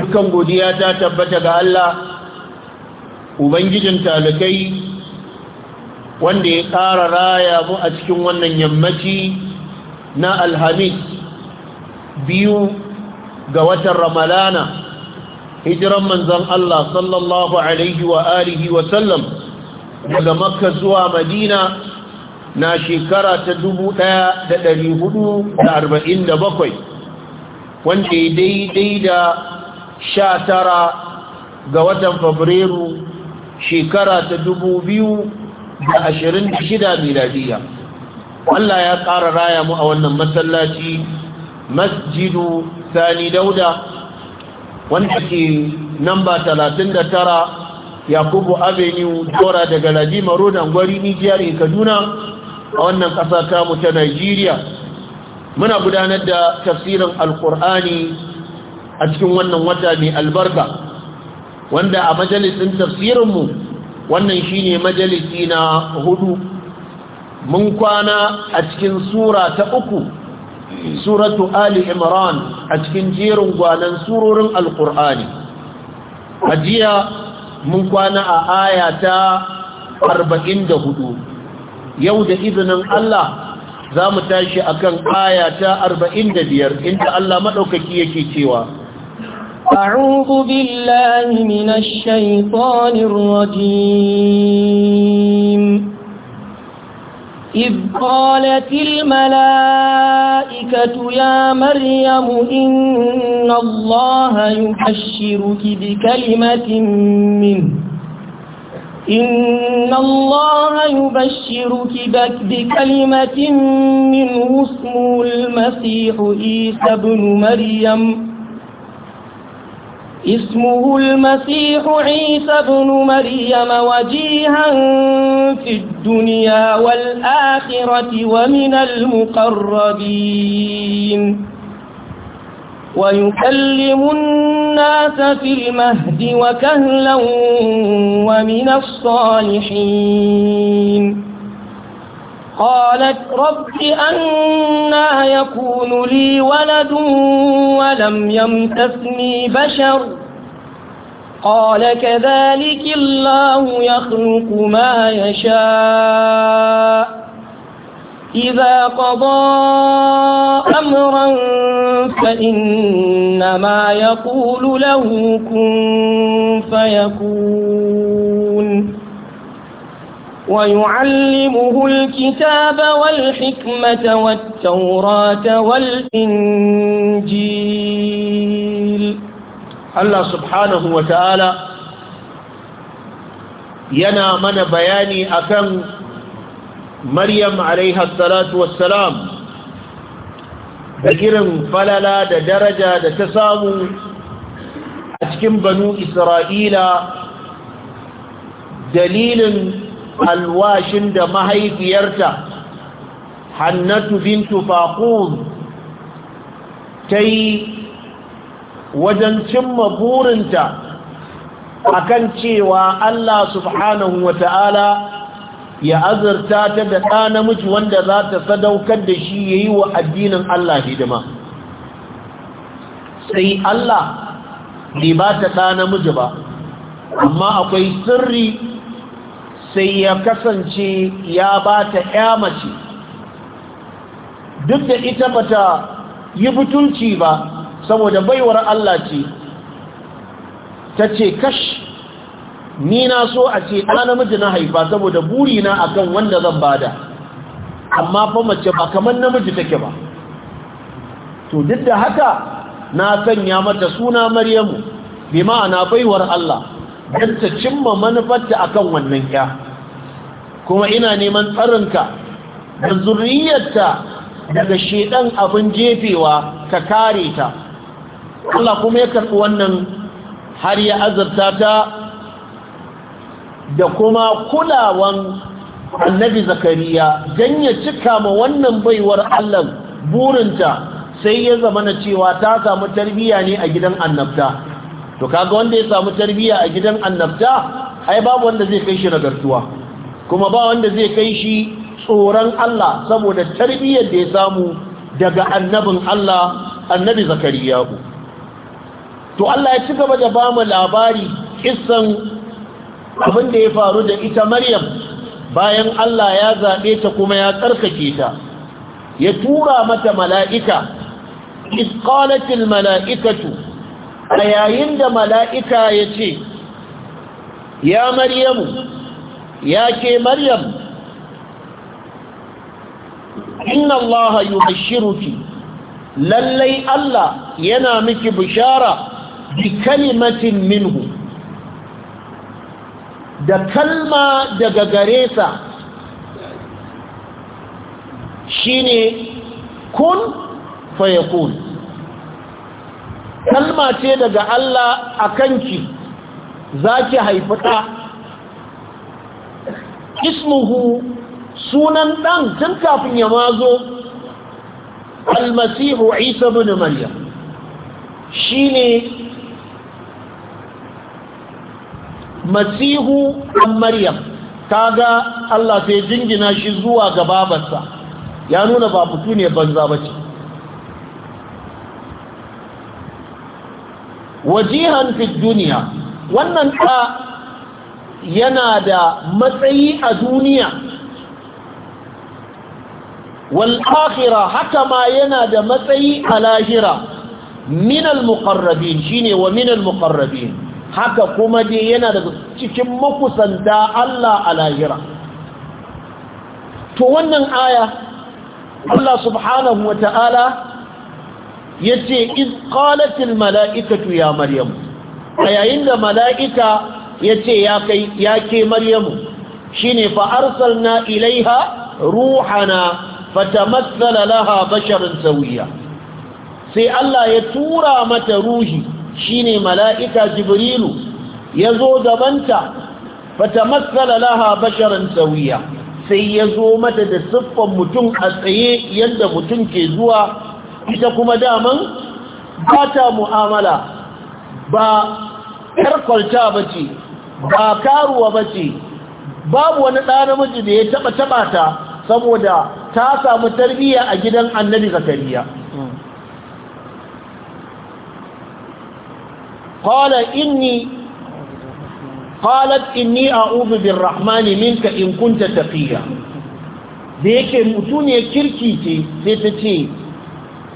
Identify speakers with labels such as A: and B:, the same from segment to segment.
A: dukan godiya ta tabbata ga Allah ubangijin talakai wanda ya ƙara raya mu a cikin wannan yammaci na alhamis biyu ga watan ramalana hijiran manzon Allah sallallahu alaihi wa alihi wa sallam daga makka zuwa madina na shekara ta da da da arba'in bakwai, wanda ya daidai da sha tara ga watan fabrairu shekara ta dubu biyu da ashirin da shida miladiya Allah ya ƙara raya mu a wannan masallaci masjidu sani dauda wanda ke namba talatin da tara yakubu avenue tora daga ladima rodan gwari nijiyar kaduna a wannan ƙasa tamu ta Najeriya. muna gudanar da tafsirin Alƙur'ani. a cikin wannan wata mai albarka wanda a majalisin tafsirinmu wannan shine majalisi na hudu mun kwana a cikin sura ta uku suratu ali imran a cikin jerin gwanan surorin alkur'ani a jiya mun kwana a aya ta 44 yau da izinin Allah za mu tashi akan aya ta 45 inda Allah maɗaukaki yake cewa
B: أعوذ بالله من الشيطان الرجيم إذ قالت الملائكة يا مريم إن الله يبشرك بكلمة منه إن الله يبشرك بكلمة منه اسمه المسيح عيسى بن مريم اسمه المسيح عيسى بن مريم وجيها في الدنيا والآخرة ومن المقربين ويكلم الناس في المهد وكهلا ومن الصالحين قالت رب أنا يكون لي ولد ولم يمتثني بشر قال كذلك الله يخلق ما يشاء إذا قضى أمرا فإنما يقول له كن فيكون ويعلمه الكتاب والحكمة والتوراة والإنجيل الله
A: سبحانه وتعالى ينا من بياني أكم مريم عليها الصلاة والسلام بجرم فللا درجة تسامو أتكم بنو إسرائيل دليل alwashin da mahaifiyarta hannatu bintu faqud ta yi wajen cimma burinta akan cewa Allah subhanahu wa ta'ala ya azurta ta da ɗa namiji wanda za ta sadaukar da shi ya yi wa addinin Allah hidima sai Allah ne ba ta ɗa namiji ba amma akwai sirri sai ya kasance ya ba ta ya mace duk da ita bata yi butulci ba saboda baiwar Allah ce ta ce kash ni na so a ce namiji na haifa saboda buri burina akan wanda zan bada amma fa mace ba kamar namiji take ba to duk da haka na sanya mata suna maryamu bi ma'ana baiwar Allah don ta cimma manufarta akan wannan ya kuma ina neman tsarinka da zuriyarta daga shedan abin jefewa ka kare ta Allah kuma ya karɓi wannan har ya azurta ta da kuma kulawan annabi zakariya don ya cika ma wannan baiwar Allah burinta sai ya zama na cewa ta samu tarbiyya ne a gidan annabta to kaga wanda ya samu tarbiyya a gidan annabta ai babu wanda zai kai shi nagartuwa kuma ba wanda zai kai shi tsoron Allah saboda tarbiyyar da ya samu daga annabin Allah annabi zakariya to Allah ya ci gaba da ba mu labari kissan abin da ya faru da ita Maryam bayan Allah ya zaɓe ta kuma ya tsarkake ta ya tura mata mala'ika isqalatil mala'ikatu a yayin da mala'ika ya ce ya Maryamu ya ke maryam inna allaha yubashshiruki lallai allah yana miki bishara bi kalimatin minhu da kalma daga gare sa shine kun fayakun kalma ce daga Allah a kanki za ki haifi ɗa ismuhu sunan ɗan tun kafin ya mazo almasihu isa bin maryam shi ne masihu ɗan maryam kaga Allah sai jingina shi zuwa ga babarsa ya nuna ba mutu banza ba wajihan fi wannan ta. yana da matsayi a duniya wal'akira haka ma yana da matsayi a lahira minal muƙarrabin shine wa minal muƙarrabin haka kuma dai yana da cikin makusanta Allah a lahira to wannan aya Allah subhanahu wa ta'ala ya ce iz ƙalatin mala'ikatu ya maryam a yayin da mala'ika ya ce ya kai ke maryamu ne fa na ilaiha ruhana matsala laha basharin sauya sai Allah ya tura mata ruhi shine mala'ika jibrilu ya zo gabanta matsala laha basharin sauya sai ya zo mata da siffan mutum a tsaye yadda mutum ke zuwa ita kuma daman ba ta mu'amala ba karkwalta ba ce ba karuwa ba ce babu wani ɗa namiji da ya taɓa taɓa ta saboda ta samu tarbiyya a gidan annabi zakariya qala inni qalat inni a'udhu birrahmani minka in kunta taqiya da yake ya kirki ce sai ta ce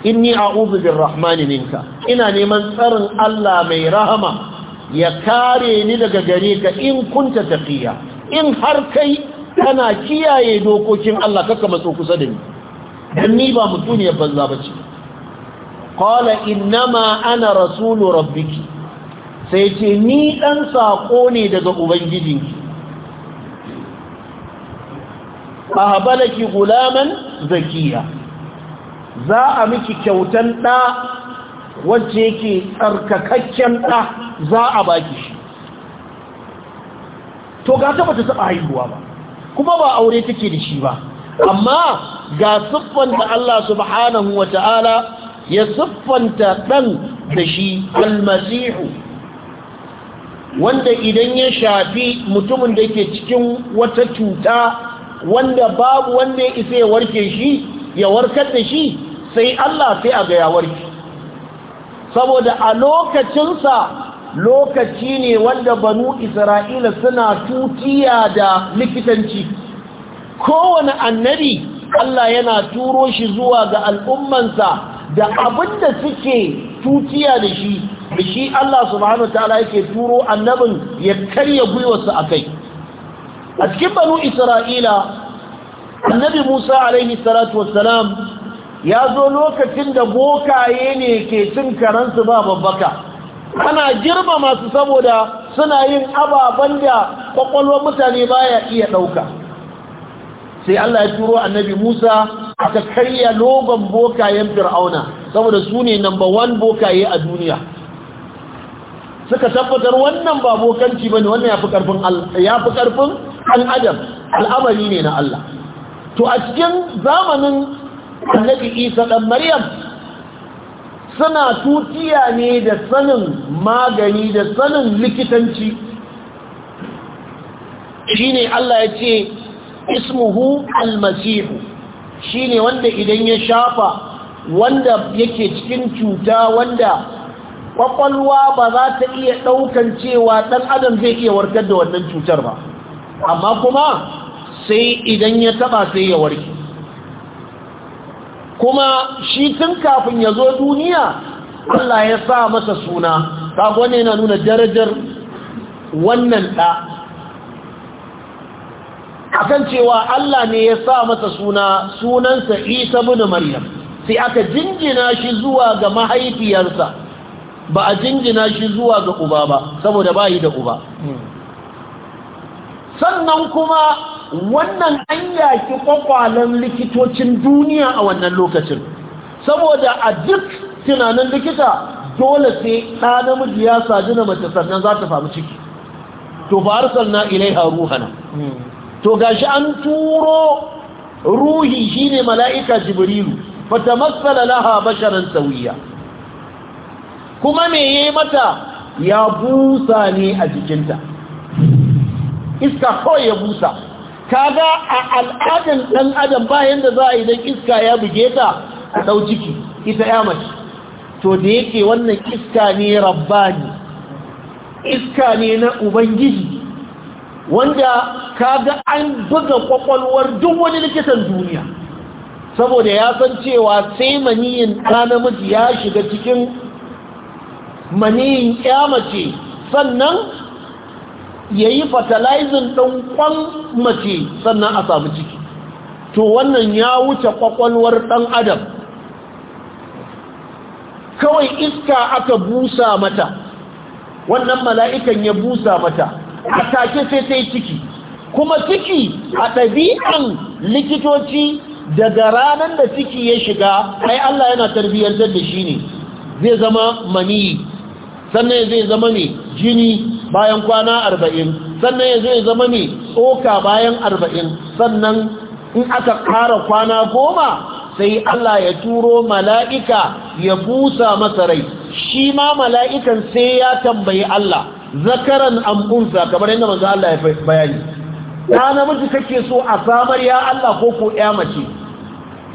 A: inni a'udhu birrahmani minka ina neman tsarin Allah mai rahama ya kare ni daga gare ka in kunta tafiya, in har kai kana kiyaye dokokin Allah kaka matso kusa da ni dan ni ba mutuniyar banza bace qala innama ana rasulu rabbiki sai ce ni dan sako ne daga ubangijinki ahabalaki gulaman zakiya za a miki kyautan da wacce yake tsarkakakken ɗa za a baki shi to ga ta bata saba haihuwa ba kuma ba aure take da shi ba amma ga siffanta Allah subhanahu wa ta'ala ya siffanta ɗan da shi almasihu wanda idan ya shafi mutumin da ke cikin wata cuta wanda babu wanda ya isa ya warke shi ya warkar da shi sai Allah sai a gaya ya warke saboda a lokacinsa lokaci ne wanda banu isra'ila suna tutiya da likitanci kowane annabi Allah yana turo shi zuwa ga al'ummansa da abin da suke tutiya da shi da shi Allah subhanahu ta'ala yake turo annabin ya karya gwiwarsa a kai a cikin banu isra'ila annabi musa alaihi salatu wassalam ya zo lokacin da bokaye ne ke cin karansu ba babbaka ana girma masu saboda suna yin ababen da kwakwalwar mutane baya iya ɗauka sai Allah ya turo annabi Musa aka karya logon bokayen fir'auna saboda su ne number one bokaye a duniya suka tabbatar wannan ba bokanci ne wannan ya fi karfin al'amari ne na Allah to a cikin zamanin annabi isa dan maryam suna tutiya ne da sanin magani da sanin likitanci shi ne Allah ya ce ismuhu almasihu shi ne wanda idan ya shafa wanda yake cikin cuta wanda kwakwalwa ba za ta iya ɗaukan cewa ɗan adam zai iya warkar da wannan cutar ba amma kuma sai idan ya taɓa sai ya warke kuma shi tun kafin ya zo duniya Allah ya sa masa suna kaga wannan na nuna darajar wannan ɗa akan cewa Allah ne ya sa masa suna sunansa Isa bin Maryam sai aka jinjina shi zuwa ga mahaifiyarsa ba a jinjina shi zuwa ga uba ba saboda bayi da uba hmm. sannan kuma wannan an yaki kwakwalen likitocin duniya a wannan lokacin saboda a duk tunanin likita dole sai ɗa namiji ya sadu na mace sannan za ta samu ciki to ba na ilaiha ruhana to gashi an turo ruhi shine mala'ika jibrilu ta matsala laha basharan sauyiya kuma me yi mata ya busa ne a jikinta iska kawai ya busa kaga a al'adan ɗan adam bayan da za a yi dan iska ya buge ta a dau ciki ita ya mace to da yake wannan iska ne rabbani iska ne na ubangiji wanda kaga an buga kwakwalwar duk wani likitan duniya saboda ya san cewa sai maniyin ɗa namiji ya shiga cikin maniyin ya mace sannan ya yi fertilizing ɗan ƙwan mace sannan a samu ciki to wannan ya wuce ƙwaƙwalwar ɗan adam kawai iska aka busa mata wannan mala'ikan ya busa mata a take sai sai ciki kuma ciki a ɗabi'an likitoci daga ranar da ciki ya shiga ai Allah yana tarbiyyantar da shi ne zai zama maniyi sannan ya zai zama mai jini bayan kwana arba'in sannan ya zai zama mai tsoka bayan arba'in sannan in aka kara kwana goma sai Allah ya turo mala'ika ya busa masa rai shi ma mala'ikan sai ya tambayi Allah zakaran ambunsa kamar yadda manzo Allah ya bayani ta namiji kake so a samar ya Allah ko ko ya mace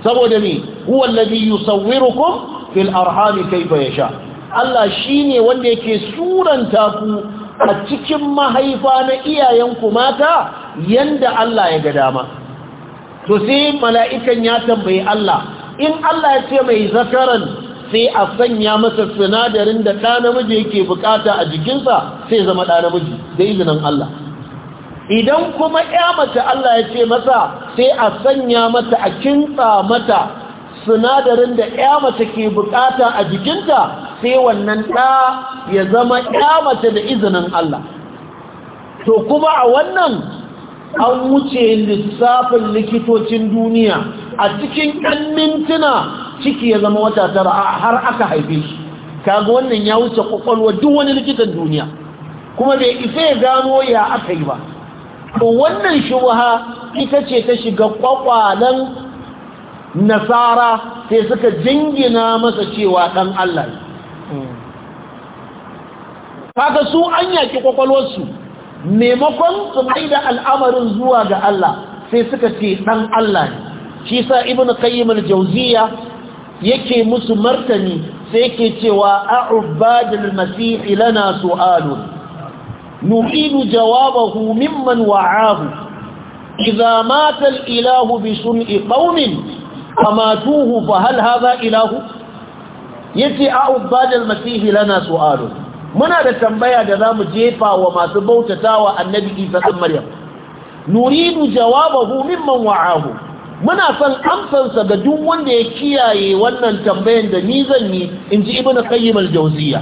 A: saboda ne huwa allazi yusawwirukum fil arhami ya sha Allah shi ne wanda yake suranta ku a cikin mahaifa na iyayenku mata yanda Allah ya ga dama to sai mala'ikan ya tambayi Allah in Allah ya ce mai zakaran sai a sanya masa sinadarin da ɗa namiji yake bukata a jikinsa sai zama ɗa namiji da izinin Allah idan kuma ya mace Allah ya ce masa sai a sanya mata a kintsa mata sinadarin da ya mace ke bukata a jikinta sai wannan ɗa ya zama ya mace da izinin Allah to kuma a wannan an wuce lissafin likitocin duniya a cikin ɗan mintuna ciki ya zama wata tara har aka haife shi kaga wannan ya wuce kwakwalwa duk wani likitan duniya kuma bai isa ya gano ya aka yi ba to wannan shubha ita ce ta shiga kwakwalen nasara sai suka jingina masa cewa ɗan Allah ne kaga su an yaki kwakwalwarsu maimakon su mai da al'amarin zuwa ga Allah sai suka ce ɗan Allah ne shi sa ibn yake musu martani sai yake cewa a'ubadul masifi lana su'alun nuhinu jawabahu mimman wa'ahu idza mata ilahu bi sun'i famatuhu fa hal hadha ilahu yace a'udhal masih lana su'alun muna da tambaya da zamu jefa wa masu bautatawa annabi Isa dan Maryam nuridu jawabahu mimman wa'ahu muna son sa ga duk wanda ya kiyaye wannan tambayan da ni zan yi inji ibnu qayyim al-jawziya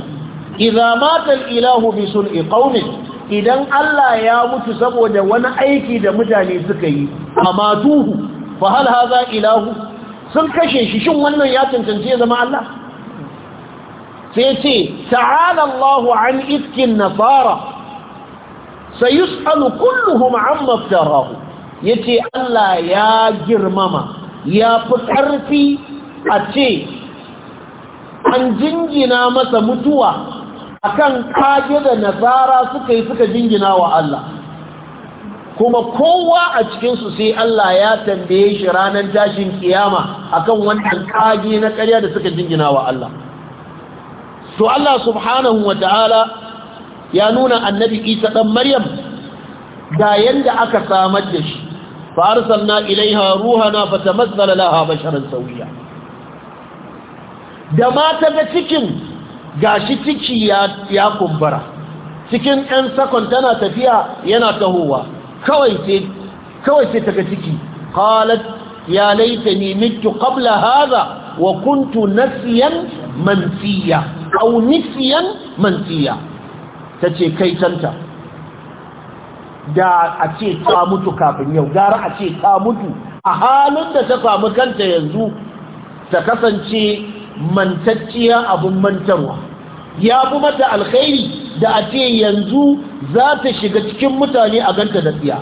A: idza mata al-ilahu bi sun'i qaumin idan Allah ya mutu saboda wani aiki da mutane suka yi amatuhu fa hal hadha ilahu sun kashe shi shin wannan ya cancanci ya zama Allah sai ce ta'ala an iskin nasara sayus'alu kulluhum amma iftarahu yace Allah ya girmama ya fi karfi a ce an jingina masa mutuwa akan kage da nasara suka yi suka jingina wa Allah kuma kowa a cikinsu sai Allah ya tambaye shi ranar tashin kiyama akan wannan kage na ƙarya da suka jingina wa Allah to Allah subhanahu wa ta'ala ya nuna annabi Isa ɗan Maryam da yanda aka samar da shi fa na ilaiha ruhana matsala laha basharan sauriya. da mata ga cikin gashi ciki ya kumbura cikin 'yan sakon tana tafiya yana tahowa kawai sai kawai ciki qalat ya ne mitu kabla haza wa kuntu nasiyan mansiya auni nisiyan mansiya tace kai tanta da a ce ta mutu kafin yau gara a ce ta mutu a halin da ta samu kanta yanzu ta kasance mantacciya abin mantarwa ya fi mata alkhairi da a ce yanzu za ta shiga cikin mutane a ganta da tsiya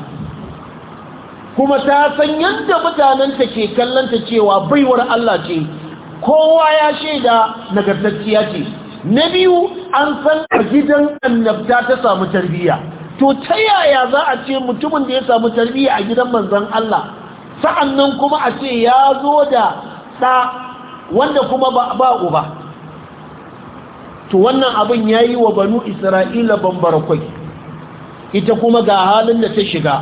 A: kuma ta san yadda mutanenta ke kallanta cewa baiwar Allah ce kowa ya shaida nagartacciya ce na biyu an san a gidan annabta ta samu tarbiyya to ta yaya za a ce mutumin da ya samu tarbiyya a gidan manzon Allah sa'annan kuma a ce ya zo da ɗa wanda kuma ba ba uba to wannan abin yi wa banu isra'ila bambara kwai ita kuma ga halin da ta shiga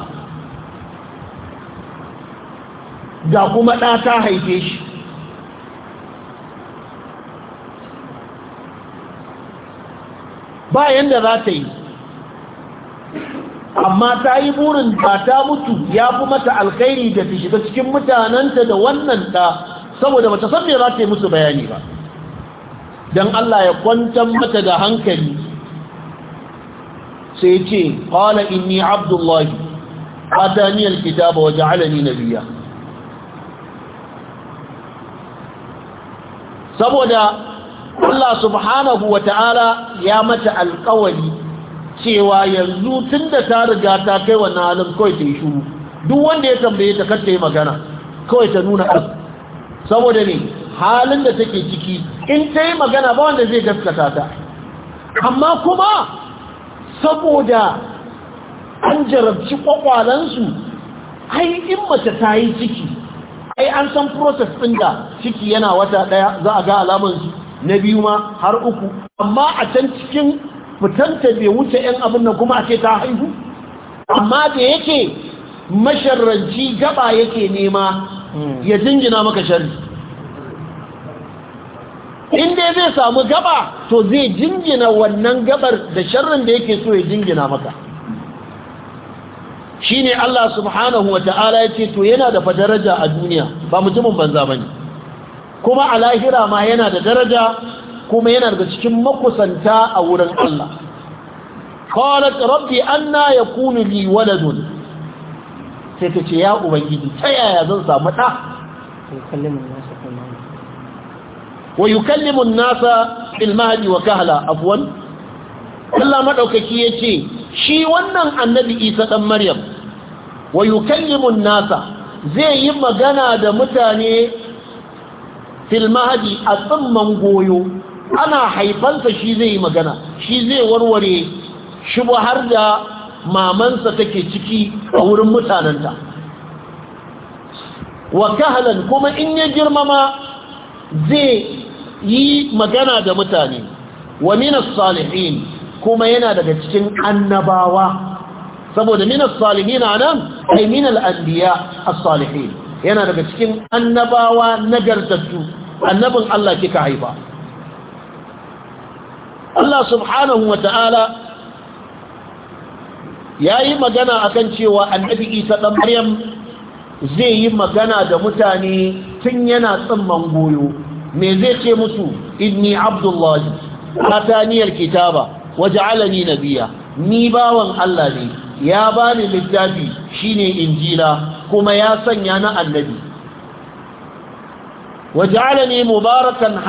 A: ga kuma ɗa ta haife shi bayan da za ta yi amma ta yi burin ba ta mutu ya fi mata alkhairi da ta shiga cikin mutanenta da wannan ta, saboda bata san za ta yi musu bayani ba don Allah ya kwantar mata da hankali sai ce qala inni abdullahi atani alkitaba wa ja'alani biya saboda Allah subhanahu wa ta'ala ya mata alƙawari cewa yanzu tunda ta riga ta kai wannan halin kawai ta yi shuru duk wanda ya tambaye ta kar ta yi magana kawai ta nuna abu saboda ne halin da take ciki in ta yi magana ba wanda zai gaskata ta amma kuma saboda an jarabci kwakwalansu ai in mace ta yi ciki ai an san process ɗin da ciki yana wata ɗaya za a ga alamansu na biyu ma har uku amma a can cikin fitanta bai wuce 'yan abin nan kuma ake ta haihu amma da yake masharranci gaba yake nema ya jingina maka sharri in dai zai samu gaba to zai jingina wannan gabar da sharrin da yake so ya jingina maka Shi ne Allah subhanahu wata'ala yace to yana da fa daraja a duniya ba mutumin banza bane kuma a lahira ma yana da daraja kuma yana da cikin makusanta a wurin Allah qalat rabbi anna yakunu li waladun sai ta ce ya ubangiji ta yaya zan samu ɗa wa yukallimu an-nasa fil mahdi wa kahla afwan Allah madaukaki yace shi wannan annabi Isa dan Maryam wa nasa zai yi magana da mutane fil mahdi a tsamman goyo ana haifansa shi zai yi magana shi zai warware shi har da mamansa take ciki a wurin mutanenta wa kuma in ya girmama zai yi magana da mutane wa minas salihin kuma yana daga cikin annabawa saboda minas salihin anan ai minal anbiya as-salihin yana daga cikin annabawa nagartattu annabin Allah kika haifa Allah subhanahu wata'ala yayi magana akan cewa annabi Isa dan Maryam zai yi magana da mutane tun yana tsimman goyo me zai ce musu inni abdullahi ataniyar kitaba waj'alani Nabiya? ni bawan Allah ne ya bani littafi shine injila kuma ya sanya na annabi alani mubarakan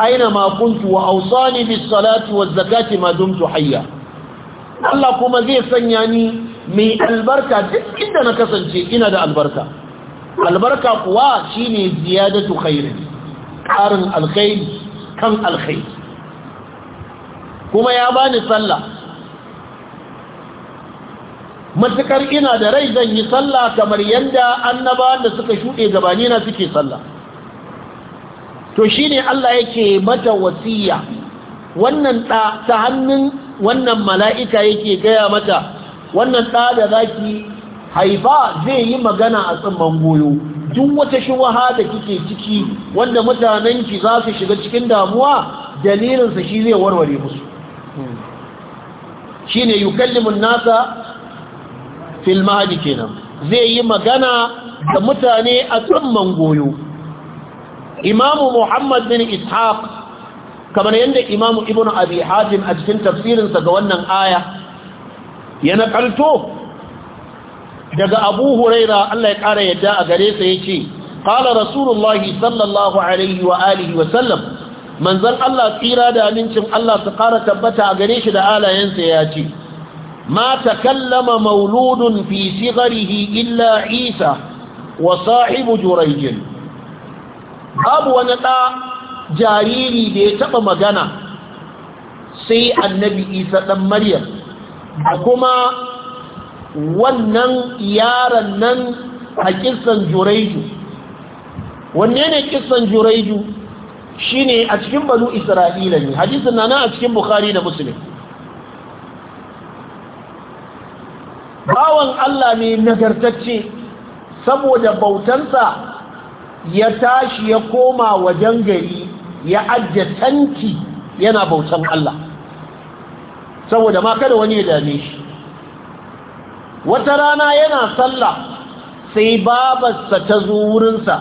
A: aina ma kuntu wa awsani bis salati waz zakati ma dumtu hayya Allah kuma zai sanya ni mai albarka duk inda na kasance ina da albarka albarka kuwa shine ziyadatu khairin ƙarin alkhairi kan alkhairi kuma ya bani sallah matuƙar ina da rai zan yi sallah kamar yadda annaba da suka shuɗe gabanina suke sallah to shine Allah yake mata wasiya wannan ɗa ta hannun wannan mala'ika yake gaya mata wannan ɗa da zaki haifa zai yi magana a tsimman goyo duk wata shubaha da kike ciki wanda mutanen ki za su shiga cikin damuwa dalilin sa shi zai warware musu shine yukallimun nasa fil mahdi kenan zai yi magana da mutane a tsamman goyo imamu muhammad bin ishaq kamar yadda imamu ibnu abi hatim a cikin tafsirinsa ga wannan aya ya nakalto daga abu huraira Allah ya ƙara yadda a gare sa ya ce ƙala rasulullahi sallallahu alaihi wa alihi wa sallam manzan Allah tsira da amincin Allah su ƙara tabbata a gare shi da alayensa ya ce ma kallama mauludun fi sigarihi illa isa wa sahibu jurayjin babu wani ɗa jariri da ya taɓa magana sai annabi isa ɗan maryam da kuma wannan yaron nan a kisan juraiju wanne ne kisan juraiju shine a cikin banu isra'ila ne hadisin na nan a cikin bukhari da muslim bawan Allah ne nagartacce saboda bautansa ya tashi ya koma wajen gari ya ajiye tanki yana bautan Allah saboda ma kada wani ya dame shi wata rana yana sallah sai babarsa ta zo wurinsa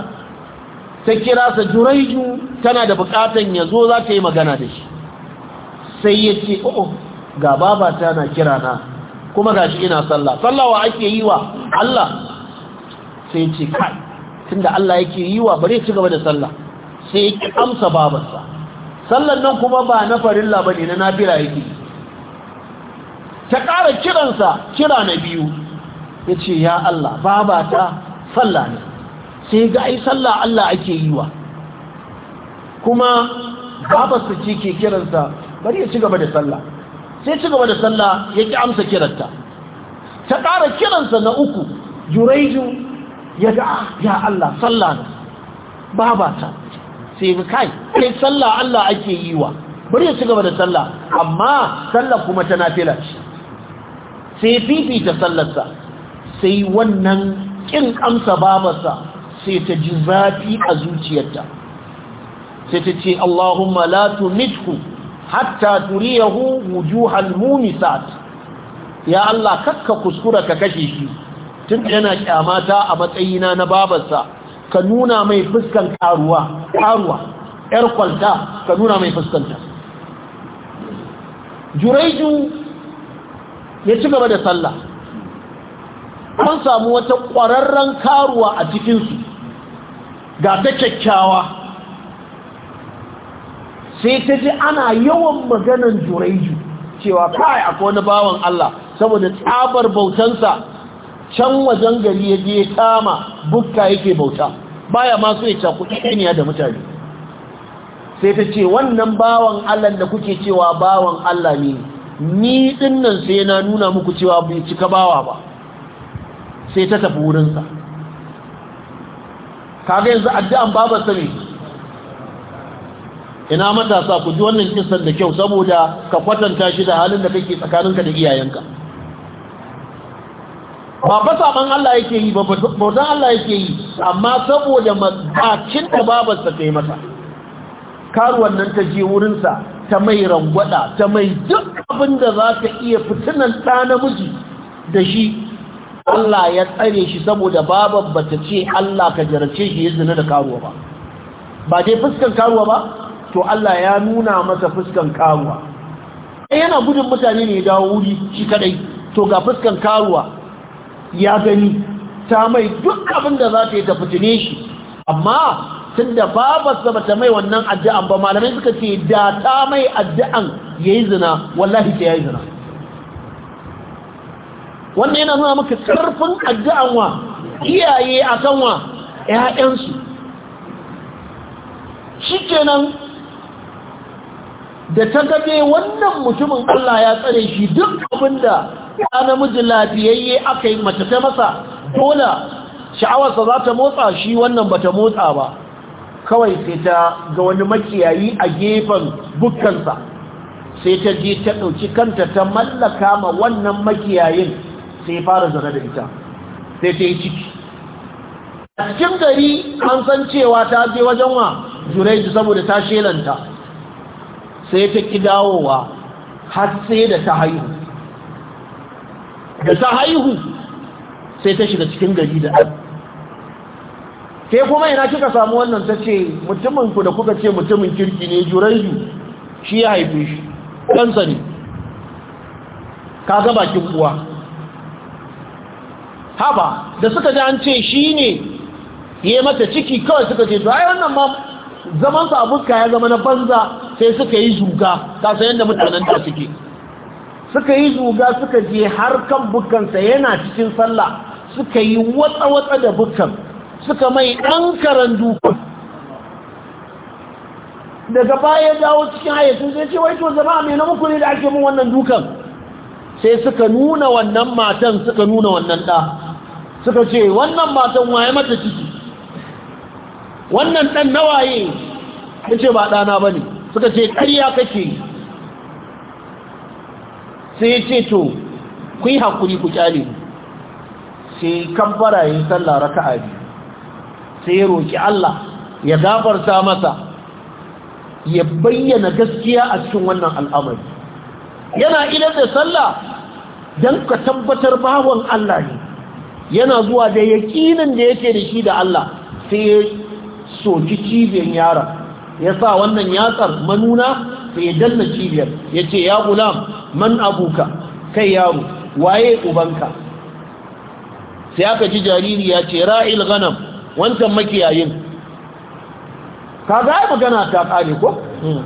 A: ta kira sa juraiju tana da bukatan ya zo za ta yi magana da shi sai ya ce oh ga babata na kira na kuma ga shi ina sallah sallah wa ake yi wa Allah sai ya ce kai tunda Allah yake yi wa bare ci gaba da sallah sai ya amsa babarsa sallan nan kuma ba na farilla bane na nafila yake yi ta ƙara kiransa kira na biyu ya ce ya Allah baba ta sallah ne sai ga ai sallah Allah ake yi wa kuma babarsa ce ke kiransa bari ya ci gaba da sallah sai ci gaba da sallah ya ƙi amsa kiranta ta ƙara kiransa na uku juraiju ya ga ah, ya Allah sallah ne babata sai ga kai sai sallah Allah ake yi wa bari ya ci gaba da sallah amma sallah kuma ta nafila ce sai fifita sallarsa sai wannan ƙin amsa babarsa sai ta ji zafi a zuciyarta sai ta ce Allahumma la tumithu hatta turiyahu wujuhal mumisat ya Allah kakka kuskura ka kashe shi tun yana kyamata a matsayina na babarsa ka nuna mai fuskan karuwa karuwa yar kwalta ka nuna mai fuskanta juraiju ya ci gaba da sallah an samu wata ƙwararren karuwa a cikinsu ga ta kyakkyawa sai ta ji ana yawan maganan juraiju cewa kai akwai wani bawan Allah saboda tsabar bautansa can wajen gari ya je kama bukka yake bauta baya ma ya cakuɗi ɗaniya da mutane sai ta ce wannan bawan Allah da kuke cewa bawan Allah ne ni dinnan sai na nuna muku cewa bai cika bawa ba sai ta tafi wurinsa kaga yanzu addu'an babar sa ne ina matasa ku ji wannan kisan da kyau saboda ka kwatanta shi da halin da kake tsakaninka da iyayenka ba fa saban Allah yake yi ba bautan Allah yake yi amma saboda matakin da babarsa ta yi mata karuwan nan ta je wurinsa ta mai rangwada ta mai duk abin da za ka iya fitinan ta namiji da shi Allah ya tsare shi saboda baban bata ce Allah ka jarace shi ya zina da karuwa ba ba dai fuskan karuwa ba to Allah ya nuna masa fuskan karuwa yana gudun mutane ne dawo wuri shi kadai to ga fuskan karuwa ya gani ta mai duk abin da za ta yi ta fitine shi amma tunda babarsa bata mai wannan addu'an ba malamai suka ce da ta mai addu'an yayi zina wallahi sai yi zina wannan yana zuwa maka karfin addu'an wa iyaye akan wa shi kenan da ta gabe wannan mutumin Allah ya tsare shi duk abinda ya namiji lafiyayye aka yi mace ta masa dole sha'awarsa za ta motsa shi wannan ba ta motsa ba kawai sai ta ga wani makiyayi a gefen bukkansa sai ta je ta ɗauki kanta ta mallaka ma wannan makiyayin sai fara zara da ita sai ta yi ciki a cikin gari an san cewa ta je wajen wa juraidu saboda ta shelanta sai ta ki dawowa har sai da ta haihu da ta haihu sai ta shiga cikin gari da ɗan ke kuma ina kika samu wannan ta ce mutumin ku da kuka ce mutumin kirki ne juraidu shi ya haife shi kansa ne kaga bakin uwa haba da suka ji an ce shi ne ya mata ciki kawai suka ce to ayi wannan ma zamansa a ya zama na banza sai suka yi zuga kasa yadda mutanen ta suke suka yi zuga suka je har kan bukansa yana cikin sallah suka yi watsa-watsa da bukan suka mai ɗan karan daga baya dawo cikin hayyacin sai ce wai to jama'a me na muku ne da ake mun wannan dukan sai suka nuna wannan matan suka nuna wannan da suka ce wannan matan waye mata ciki wannan dan nawaye ce ba dana bane suka ce ƙarya kake sai ya ce to ku yi hakuri ku kyale sai kabbara yin sallah raka'a biyu sai ya roki Allah ya gafarta masa ya bayyana gaskiya a cikin wannan al'amari yana idan da sallah don ka tabbatar bawan Allah ne yana zuwa da yaƙinin da yake da shi da Allah sai ya soki cibiyar yara ya sa wannan yatsar manuna sai ya danna cibiyar ya ce ya gulam man abuka kai yaro waye ubanka sai aka ji jariri ya ce ra'il ganam wancan makiyayin ka ga ya magana ta kare ko hmm.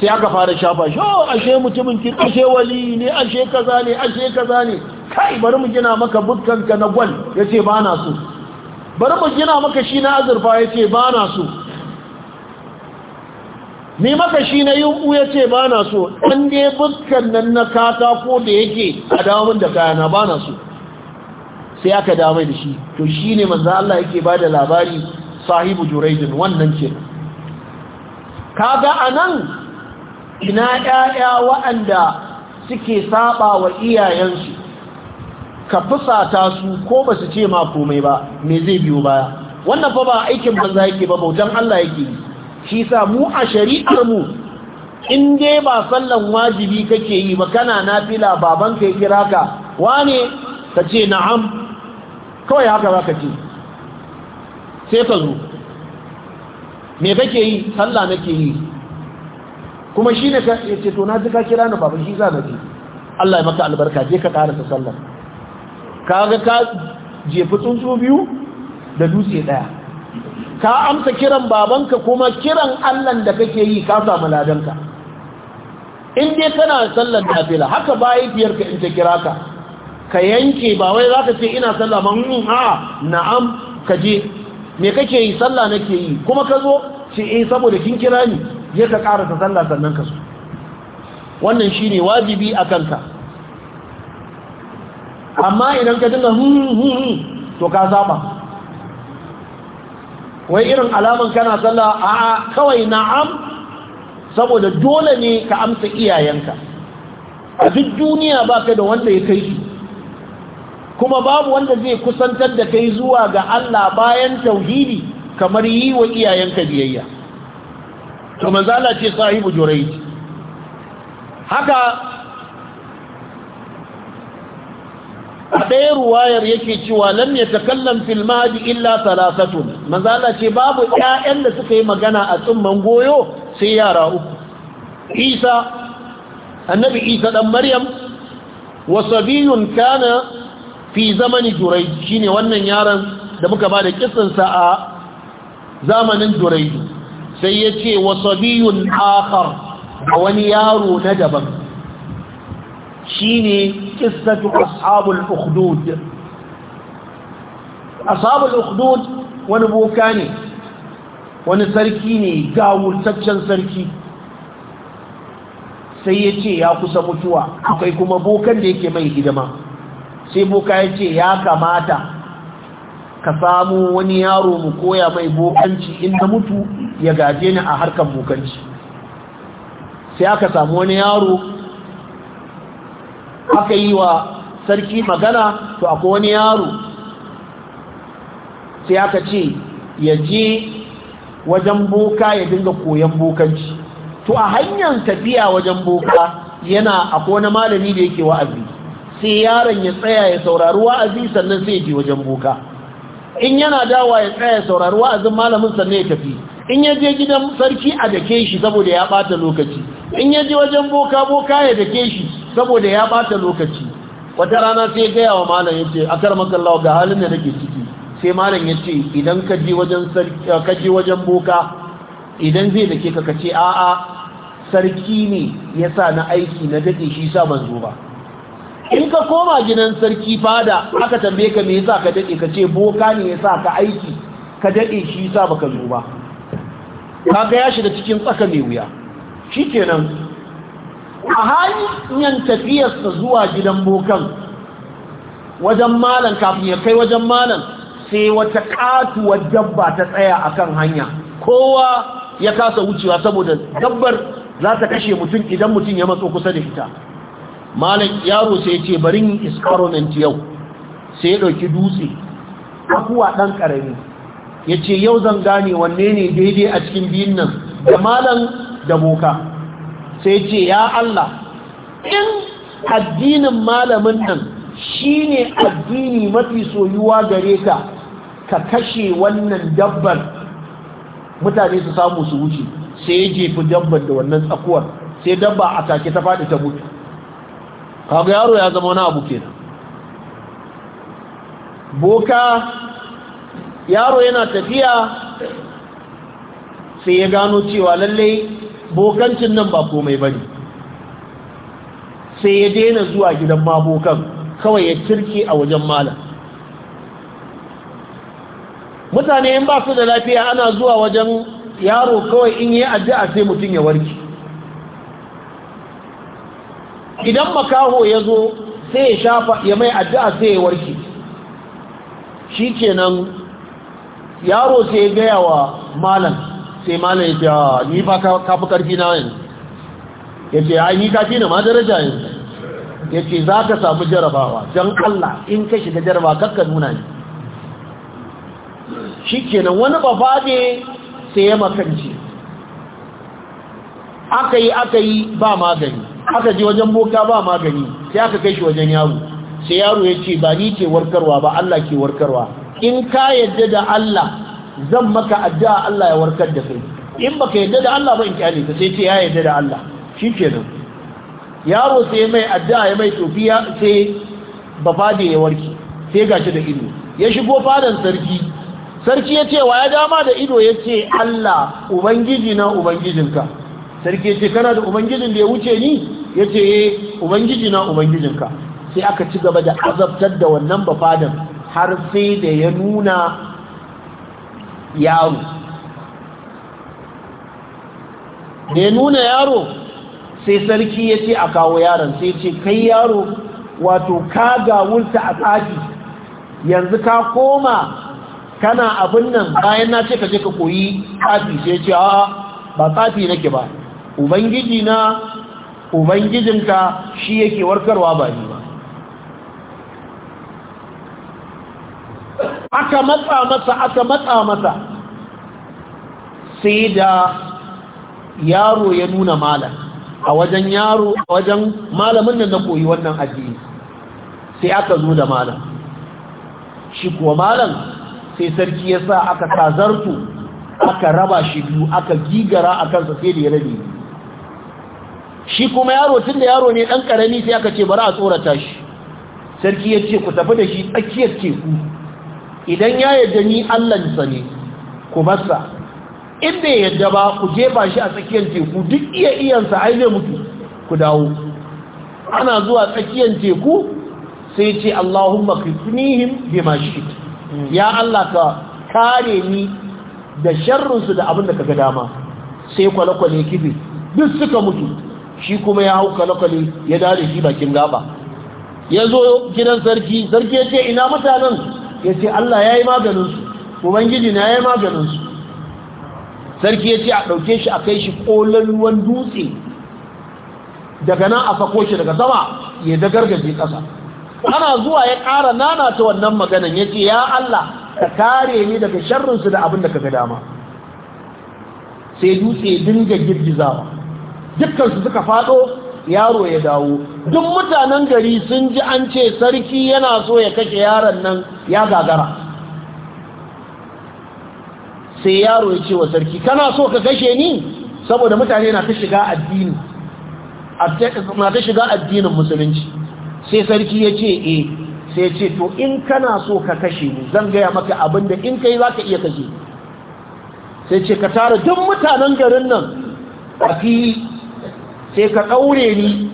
A: sai aka fara shafa shi oh ashe mutumin kin ashe wali ne ashe kaza ne ashe kaza ne kai bari mu gina maka bukkanka na gwal ya ce ba na so bari mu gina maka shi na azurfa ya ce ba na so ni maka shi na ya ce ba na so dan dai bukkan nan na katako da yake a dawo da kayana ba na so sai aka dawo da shi to shine manzo Allah yake bada labari sahibu juraidin wannan ke kaga anan ina ƴaƴa waɗanda suke saba wa iyayensu ka fusata su ko ba su ce ma komai ba me zai biyo baya wannan fa ba aikin banza yake ba bautan Allah yake shi sa mu a shari'ar mu in dai ba sallan wajibi kake yi ba kana nafila baban ka ya kira ka wane ka ce na'am kawai haka zaka ce sai ka zo me kake yi sallah nake yi kuma shi ne ka ce to na ji ka kira ni baba shi za na ji Allah ya maka albarka je ka ƙara ta sallar ka ga ka jefi tsuntsu biyu da dutse ɗaya ka amsa kiran babanka kuma kiran Allah da kake yi ka samu ladanka in dai kana sallar nafila haka bayi biyar ka in ta kira ka ka yanke ba wai za ka ce ina sallah mm, mm, a na'am ka je me kake yi sallah nake yi kuma ka zo ce eh saboda kin kira ni je ka karasa sallah sannan ka zo wannan shine wajibi a kanka amma idan ka dinga hmm, hmm, hmm, hmm to ka zaba wai irin alaman kana sallah a'a kawai na'am saboda dole ne ka amsa iyayenka a duk duniya baka da wanda ya kai shi. kuma babu wanda zai kusantar da kai zuwa ga Allah bayan tauhidi kamar yi wa iyayenka biyayya to manzala ce sahibu jurayji haka a ɗaya ruwayar yake cewa lam ya takallam fil mahdi illa talasatu. manzala ce babu ƴaƴan da suka yi magana a tsumman goyo sai yara uku isa annabi isa dan maryam wa sabiyun kana fi zamani durai shine wannan yaron da muka ba da kisansa a zamanin durai sai ya ce wa sabiyun akhar da wani yaro na daban shine qissatu ashabul ukhdud ashabul ukhdud wani boka ne wani sarki ne gawurtaccen sarki sai ya ce ya kusa mutuwa akwai kuma bokan da yake mai hidima sai boka ya ce ya kamata ka samu wani yaro mu koya mai bokanci inda mutu ya gaje ni a harkar bokanci sai aka samu wani yaro aka yi wa sarki magana to akwai wani yaro sai aka ce ya je wajen boka ya dinga koyan bokanci to a hanyar tafiya wajen boka yana akwai wani malami da yake wa'azi sai yaron ya tsaya ya saurari wa'azi sannan sai ya je wajen boka in yana dawa ya tsaya ya saurari wa'azin malamin sannan ya tafi in ya je gidan sarki a dake shi saboda ya bata lokaci in ya je wajen boka boka ya dake shi saboda ya bata lokaci wata rana sai ya gaya wa malam ya ce a akar makallawa ga halin da nake ciki sai malam ya ce idan ka je wajen eh, ka je wajen boka idan zai dake ka kace a'a sarki ne ya sa na aiki na dade shi sa ban zo ba in ka koma gidan sarki fada aka tambaye ka me yasa ka dade ka ce boka ne yasa ka aiki ka dade shi yasa baka zo ba kaga ya da cikin tsaka mai wuya shikenan a hanyar tafiyarsa zuwa gidan bokan wajen malam kafin ya kai wajen malam sai wata katuwar dabba ta tsaya akan hanya kowa ya kasa wucewa saboda dabbar za ta kashe mutum idan mutum ya matso kusa da ita malam yaro sai ce barin yin experiment yau sai ya ɗauki dutse akuwa dan karami yace yau zan gane wanne ne daidai a cikin biyun nan da malam da boka sai ce ya Allah in addinin malamin nan shine addini mafi soyuwa gare ka ka kashe wannan dabbar mutane su samu su wuce sai ya jefi dabbar da wannan tsakuwar sai dabba a take ta faɗi ta mutu kaga yaro ya zama wani abu kenan boka yaro yana tafiya sai ya gano cewa lallai bokancin nan ba komai ba ne sai ya daina zuwa gidan mabokan kawai ya cirke a wajen malam mutane in ba su da lafiya ana zuwa wajen yaro kawai in yi addu'a sai mutum ya warke idan makaho ya zo sai ya shafa ya mai addu'a sai ya warke shi kenan yaro sai ya gaya wa malam sai malam ya fiya ah, ni ba kafi karfi na yin ya ce ai ni kafi na ma daraja yin ya ce za ka samu jarabawa don Allah in ka shiga jaraba kakka nuna ne shi kenan wani ba faɗe sai ya makanci aka yi aka yi ba magani aka je wajen boka ba magani sai aka kai shi wajen yaro sai yaro ya ce ba ni ke warkarwa ba Allah ke warkarwa in ka yadda da Allah zan maka addu'a Allah ya warkar da kai in baka yadda da Allah ba in kyale ka sai ce ya yadda da Allah shi ke nan yaro sai mai addu'a ya mai tofiya sai bafade ya warke sai gashi da ido ya shigo fadan sarki sarki ya ce wa ya dama da ido ya ce Allah ubangiji na ubangijinka sarki ce kana da ubangijin da ya wuce ni ya ce ya eh, ubangiji na ubangijinka sai aka ci gaba da azabtar da wannan bafadan har sai da ya nuna yaro da ya nuna yaro sai sarki ya ce a kawo yaron sai ce kai yaro wato ka gawulta a tsaki yanzu ka koma kana abin nan bayan na ce ka je ka koyi tsafi sai ce a ba tsafi nake ba ubangiji na ubangijinka shi yake warkarwa ba ni ba aka matsa masa aka matsa masa sai da yaro ya nuna malam a wajen yaro a wajen malamin nan na koyi wannan addini sai aka zo da malam shi kuwa malam sai sarki ya sa aka tazartu aka raba shi biyu aka gigara a kansa sai da ya rabe shi kuma yaro tun da yaro ne ɗan ƙarami sai aka ce bari a tsorata shi sarki ya ce ku tafi da shi tsakiyar teku idan ya yadda ni allansa ne ku masa Inda ya yadda ba ku jefa shi a tsakiyar teku duk iya iyansa ai zai mutu ku dawo ana zuwa tsakiyar teku sai ce Allahumma kifnihim ma shi. ya Allah ka kare ni da sharrinsu da abin da ka kaga dama sai kwale-kwale kifi duk suka mutu shi kuma ya hau kwale ya dare shi bakin gaba ya zo gidan sarki sarki ya ce ina mutanen ya ce Allah ya yi maganinsu ubangiji na ya yi maganinsu sarki ya ce a ɗauke shi a kai shi ruwan dutse daga nan a fako shi daga sama ya dagargaje ƙasa ana zuwa ya ƙara nana ta wannan maganan ya ce ya Allah ka kare ni daga sharrinsu da abin da ka ga dama sai dutse dinga girgizawa dukkansu suka fado yaro ya dawo duk mutanen gari sun ji an ce sarki yana so ya kashe yaron nan ya gagara sai yaro ya ce wa sarki kana so ka kashe ni saboda mutane na ta shiga addini na ta shiga addinin musulunci sai sarki ya ce eh sai ce to in kana so ka kashe ni zan gaya maka abinda in kai za ka iya kashe sai ce ka tara duk mutanen garin nan a fi sai ka ɗaure ni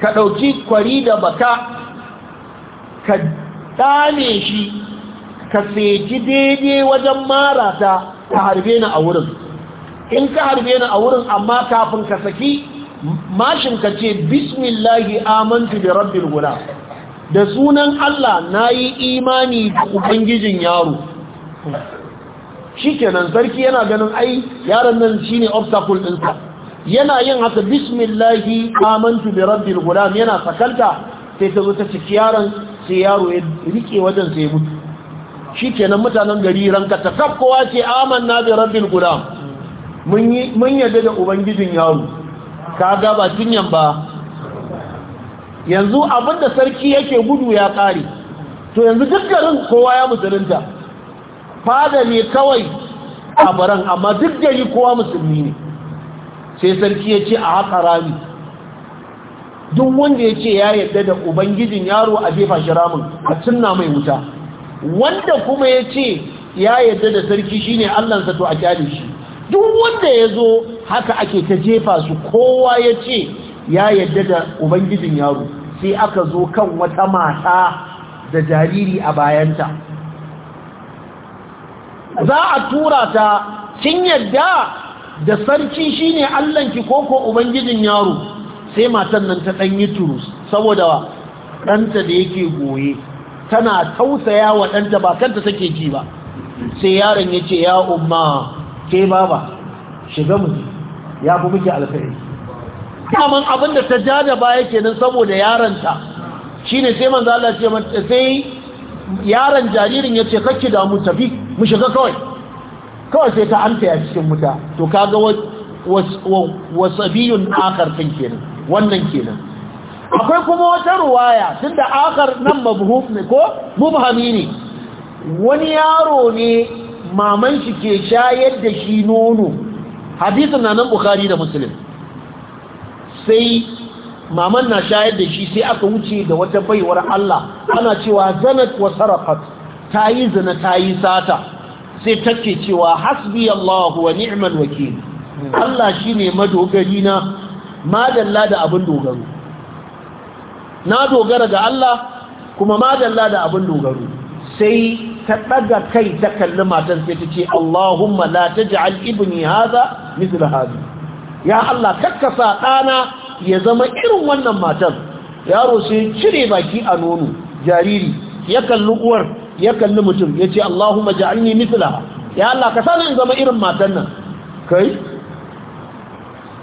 A: ka ɗauki kwari da baka ka ɗane shi ka seki daidai wajen marata ka harbe ni a wurin in ka harbe ni a wurin amma kafin ka saki mashin ka ce bismillahi amantu da rabbil gula da sunan Allah na yi imani da ubangijin yaro shi kenan sarki yana ganin ai yaron nan shine obstacle ɗinsa yana yin haka bismillahi amantu bi rabbil gulam yana sakalta sai ta zo ta ciki yaron sai yaro ya rike wajen sai mutu shikenan mutanen gari ranka ta kaf kowa ce amanna bi rabbil gulam mun yi mun yadda da ubangijin yaro kaga ba tunyan ba yanzu abinda sarki yake gudu ya kare to yanzu dukkanin kowa ya musulunta fada ne kawai a baran amma duk gari kowa musulmi ne sai sarki ya ce a haka rami duk wanda ya ce ya yadda da ubangijin yaro a jefa shi ramin a cinna mai wuta wanda kuma ya ce ya yadda da sarki shi ne allansa to a kyale shi duk wanda ya zo haka ake ta jefa su kowa ya ce ya yadda da ubangijin yaro sai aka zo kan wata mata da jariri a bayanta za a tura ta cin yadda da sarki shine Allahnki ko ko ubangijin yaro sai matan nan ta ɗanyi yi turus saboda ɗanta da yake goye tana tausaya wa ɗanta ba kanta take ji ba sai yaron ya ce ya umma ke baba shiga mu ya fi muke alfahari kaman abinda ta ja da baya kenan saboda yaronta shine sai manzala ce sai yaron jaririn ya ce kakki damu tafi mu shiga kawai kawai sai ta amsa a cikin wuta to kaga wasabiyun akar din kenan wannan kenan akwai kuma wata ruwaya tunda akar nan mabhuf ne ko mubhami ne wani yaro ne maman shi ke shayar da shi nono hadisin na nan bukhari da musulun. sai maman na shayar da shi sai aka wuce da wata baiwar Allah ana cewa zanat wa sarqat tayi zina tayi sata sai take cewa hasbi Allah wa ni'mal wakil Allah shine madogari na madalla da abin dogaro na dogara ga Allah kuma madalla da abin dogaro sai ta daga kai ta kalli matan sai ta ce Allahumma la taj'al ibni hadha mithla hadha ya Allah kakkasa dana ya zama irin wannan matan yaro sai cire baki a nono jariri ya kalli uwar ya kalli mutum ya ce Allahumma ja'alni mithlaha ya Allah ka sani in zama irin matan nan kai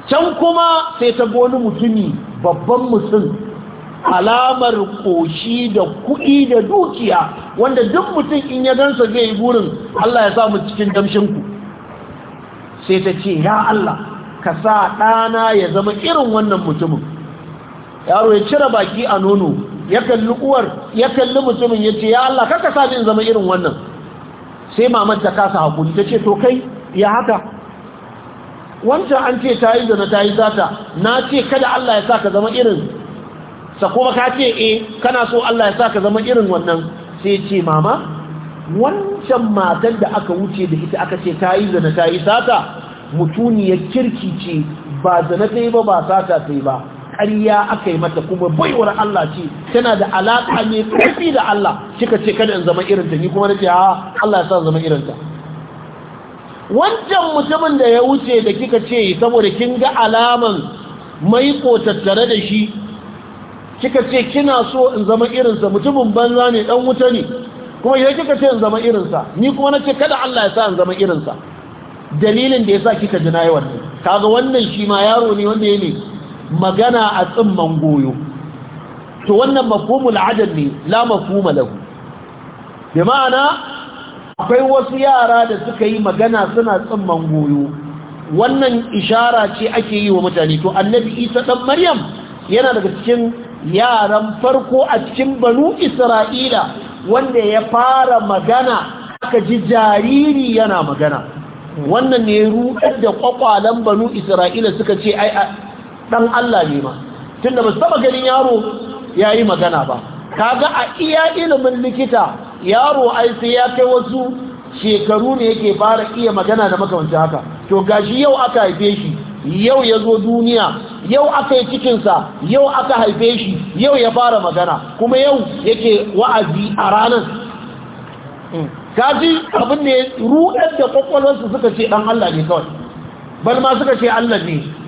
A: can kuma sai ta goni mutumi babban mutum alamar koshi da kuɗi da dukiya wanda duk mutum in ya gansa zai yi burin Allah ya samu cikin ku? sai ta ce ya Allah ka sa ɗana ya zama irin wannan mutumin yaro ya cire baki a nono ya kalli uwar ya kalli mutumin ya ce ya Allah kaka sa min zama irin wannan sai mamar ta kasa hakuri ta ce to kai ya haka wancan an ce ta yi zana ta yi zata na ce kada Allah ya sa ka zama irin sa kuma ka ce eh kana so Allah ya sa ka zama irin wannan sai ce mama wancan matar da aka wuce da ita aka ce ta yi zana ta yi sata mutuniyar kirki ce ba zana ta yi ba ba sata ta yi ba ƙarya aka yi mata kuma baiwar Allah ce tana da alaƙa ne ƙarfi da Allah kika ce kada in zama irinta ni kuma nace a Allah ya sa zama irinta wancan mutumin da ya wuce da kika ce saboda kin ga alaman mai tattare da shi kika ce kina so in zama irinsa mutumin banza ne dan wuta ne kuma ya kika ce in zama irinsa ni kuma nace kada Allah ya sa in zama irinsa dalilin da ya sa kika ji nayi wannan kaga wannan shi ma yaro ne wanda ya ne. magana a tsimman goyo to wannan mafhumul ajal ne la mafhuma lahu bi ma'ana akwai wasu yara da suka yi magana suna tsimman goyo wannan ishara ce ake yi wa mutane to annabi isa dan maryam yana daga cikin yaran farko a cikin banu isra'ila wanda ya fara magana aka ji jariri yana magana wannan ne ruɗar da kwakwalen banu isra'ila suka ce ai dan Allah ne ma tunda ba su taba ganin yaro yayi magana ba kaga a iya ilimin likita yaro ai sai ya kai wasu shekaru ne yake fara iya magana da makamanci haka to gashi yau aka haife shi yau ya zo duniya yau aka yi cikinsa yau aka haife shi yau ya fara magana kuma yau yake wa'azi a ranar hmm. kaji abin ne ya da kwakwalwarsu suka ce ɗan Allah ne kawai ban ma suka ce Allah ne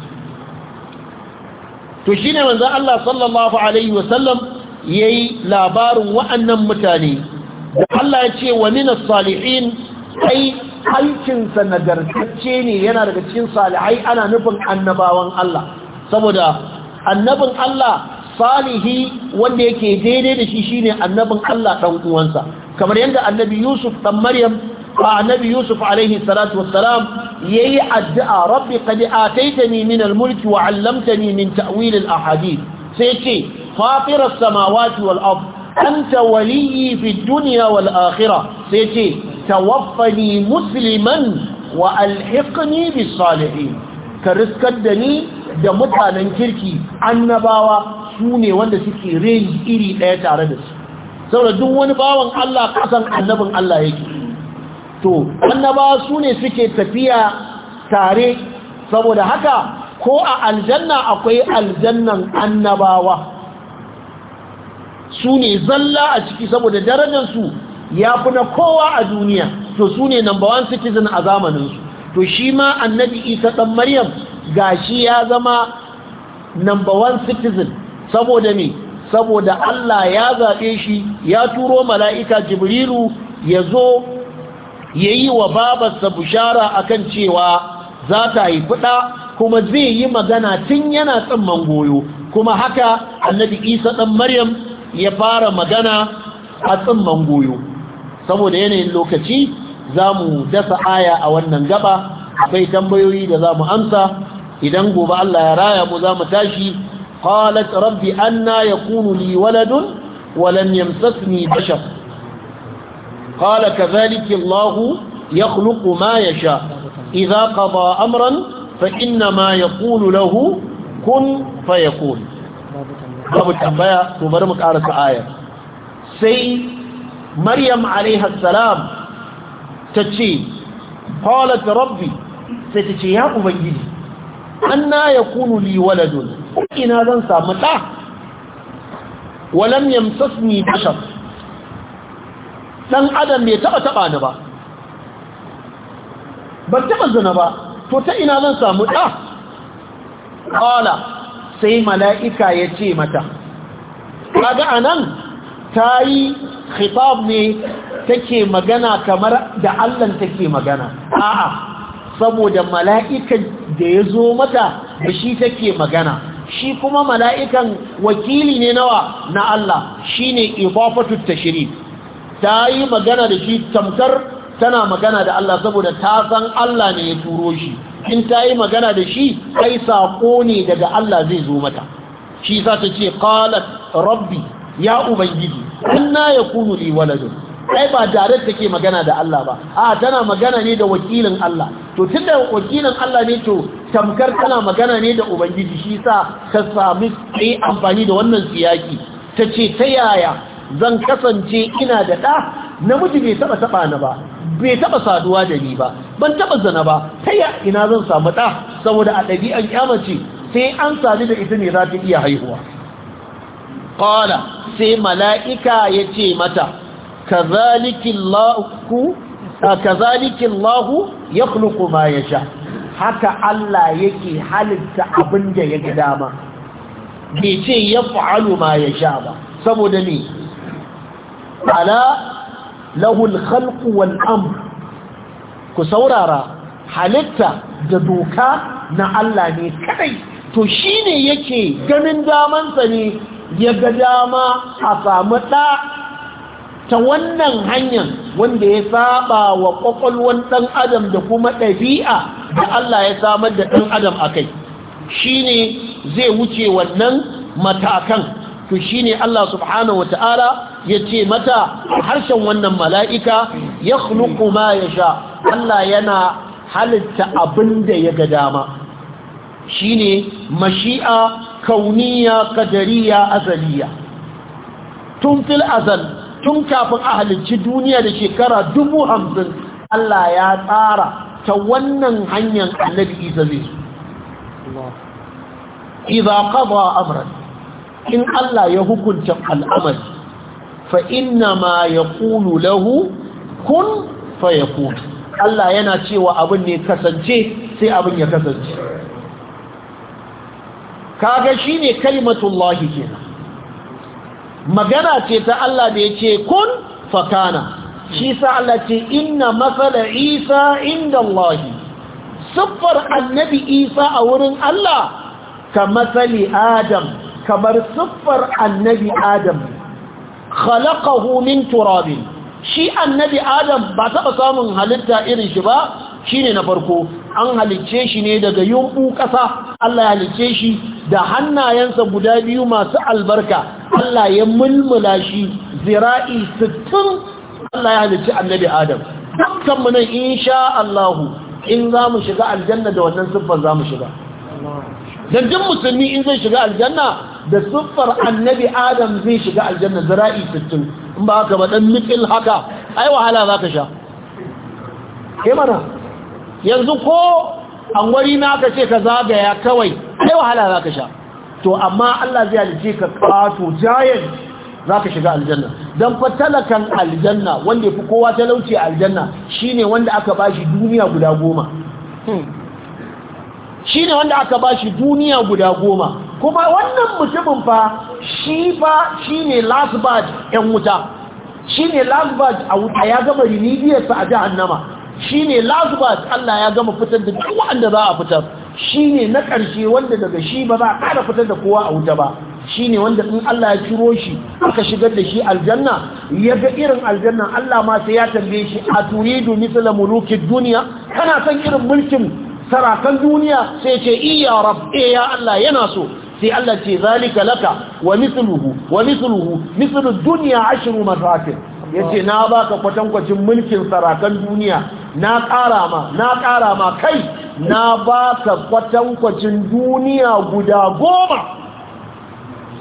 A: to shine manzo Allah sallallahu alaihi wasallam yayi labarin wa'annan mutane da Allah ya ce wa minas salihin ai aikinsa nagartacce ne yana daga cikin salihai ana nufin annabawan Allah saboda annabin Allah salihi wanda yake daidai da shi shine annabin Allah ɗan uwansa kamar yadda annabi Yusuf dan Maryam annabi yusuf alaihi salatu wassalam yayi addu'a rabbi qad ataitani min al-mulki wa 'allamtani min ta'wil al-ahadith sai ce fatir as-samawati wal ard anta waliyyi fid dunya wal akhirah sai ce tawaffani musliman wa alhiqni bis salihin ka riskar da ni da mutanen kirki annabawa su ne wanda suke reni iri ɗaya tare da su saboda duk wani bawan Allah kasan annabin Allah yake to annaba su ne suke tafiya tare saboda haka ko a aljanna akwai aljannan annabawa su ne zalla a ciki saboda darajarsu ya fi na kowa a duniya to su ne number one citizen a zamaninsu to shi ma annabi isa ɗan maryam ga shi ya zama number one citizen saboda ne saboda allah ya zaɓe shi ya turo mala'ika jibrilu ya zo ya yi wa babarsa bushara akan cewa za ta haifi ɗa kuma zai yi magana tun yana tsamman goyo kuma haka annabi isa ɗan maryam ya fara magana a tsamman goyo saboda yanayin lokaci za mu dasa aya a wannan gaba akwai tambayoyi da za mu amsa idan gobe allah ya raya mu za mu tashi قالت رب أنا يكون لي ولد ولم يمسسني بشر قال كذلك الله يخلق ما يشاء إذا قضى أمرا فإنما يقول له كن فيكون babu tambaya to bari mu karasa ayar sai maryam alaiha salam ta ce qalat rabbi sai ta ce ya ubangiji anna yakunu li waladun ina zan samu ɗa walam yamsasni bashar dan adam bai taɓa taɓa ni ba ban taɓa zina ba to ta ina zan samu ɗa qala sai mala'ika ya ce mata kaga anan tayi khitab ne take magana kamar da Allah take magana a'a saboda mala'ikan da ya zo mata da shi take magana shi kuma mala'ikan wakili ne nawa na Allah shine ta shirin. ta yi magana da shi tamkar tana magana da Allah saboda ta san Allah ne ya turo shi in ta yi magana da shi kai sako ne daga Allah zai zo mata shi za ta ce qalat rabbi ya ubangiji inna yakunu li waladun ai ba tare take magana da Allah ba a tana magana ne da wakilin Allah to tunda wakilin Allah ne to tamkar tana magana ne da ubangiji shi sa ta sami sai amfani da wannan siyaki tace ta yaya zan kasance ina da ɗa namiji bai taɓa taɓa na ba bai taɓa saduwa da ni ba ban taɓa zana ba ta ya ina zan samu ɗa saboda a ɗabi'an kyamace sai an sadu da ita ne za ta iya haihuwa ƙwala sai mala'ika ya ce mata kazalikin lahu ya kulku ma ya sha haka Allah yake halitta abin da ya ga dama bai ce ya fa'alu ma ya sha ba saboda ne ala lahul khalqu wal amr ku saurara halitta da doka na Allah ne kadai to shine yake ganin damansa ne ya ga dama a samu ɗa ta wannan hanyar wanda ya saba wa ƙwaƙwalwan ɗan adam da kuma ɗabi'a da Allah ya samar da ɗan adam a kai shi ne zai wuce wannan matakan to shine Allah subhanahu wataala ce mata harshen wannan mala'ika ya khluqu ma sha. Allah yana halitta abinda ya ga dama shine mashi'a kauniya qadariya azaliya tun fil azal tun kafin a halicci duniya da shekara dubu hamsin Allah ya tsara ta wannan hanyar annabi isa zai su iza qada amran in Allah ya hukunta al'amari fa inna ma ya kulu lahu kun fa ya Allah yana cewa abin ne kasance sai abin ya kasance kaga shi ne kalimatullahi kenan magana ce ta Allah da ya ce kun fa kana shi sa Allah ce inna matsala isa inda Allahi siffar annabi isa a wurin Allah ka matsali adam kamar siffar annabi adam khalaqahu min turabin shi annabi adam ba taɓa samun halitta irin shi ba shine na farko an halicce shi ne daga yunɓu ƙasa Allah ya halicce shi da hannayensa guda biyu masu albarka Allah ya mulmula shi zira'i sittin. Allah ya halicci annabi adam dukkanmu nan insha Allahu in za mu shiga aljanna da wannan siffar za mu shiga don duk musulmi in zai shiga aljanna da siffar annabi adam zai shiga aljanna zira'i 60 in ba haka ba dan mikil haka ai wahala za ka sha ke mana yanzu ko an wari na ka ce ka zagaya kawai ai wahala za ka sha to amma Allah zai halice ka kato jayin za ka shiga aljanna don fa talakan aljanna wanda ya fi kowa talauci a aljanna shine wanda aka bashi duniya guda goma hmm. shine wanda aka bashi duniya guda goma kuma wannan mutumin fa shi fa shi ne last ‘yan wuta shi ne last a wuta ya gama rinidiyarsa a jihannama shi ne last Allah ya gama fitar da duk wanda za a fitar shi ne na ƙarshe wanda daga shi ba za a ƙara fitar da kowa a wuta ba shi ne wanda in Allah ya ciro shi aka shigar da shi aljanna ya ga irin aljanna Allah ma sai ya tambaye shi a turidu misla mulukid duniya kana son irin mulkin sarakan duniya sai ce iya rab eh ya Allah yana so sai Allah ce zalika laka wa mithluhu wa mithluhu mithlu dunya ashru maratin yace na baka kwatankwacin mulkin sarakan duniya na ƙara ma na ƙara ma kai na baka kwatankwacin duniya guda goma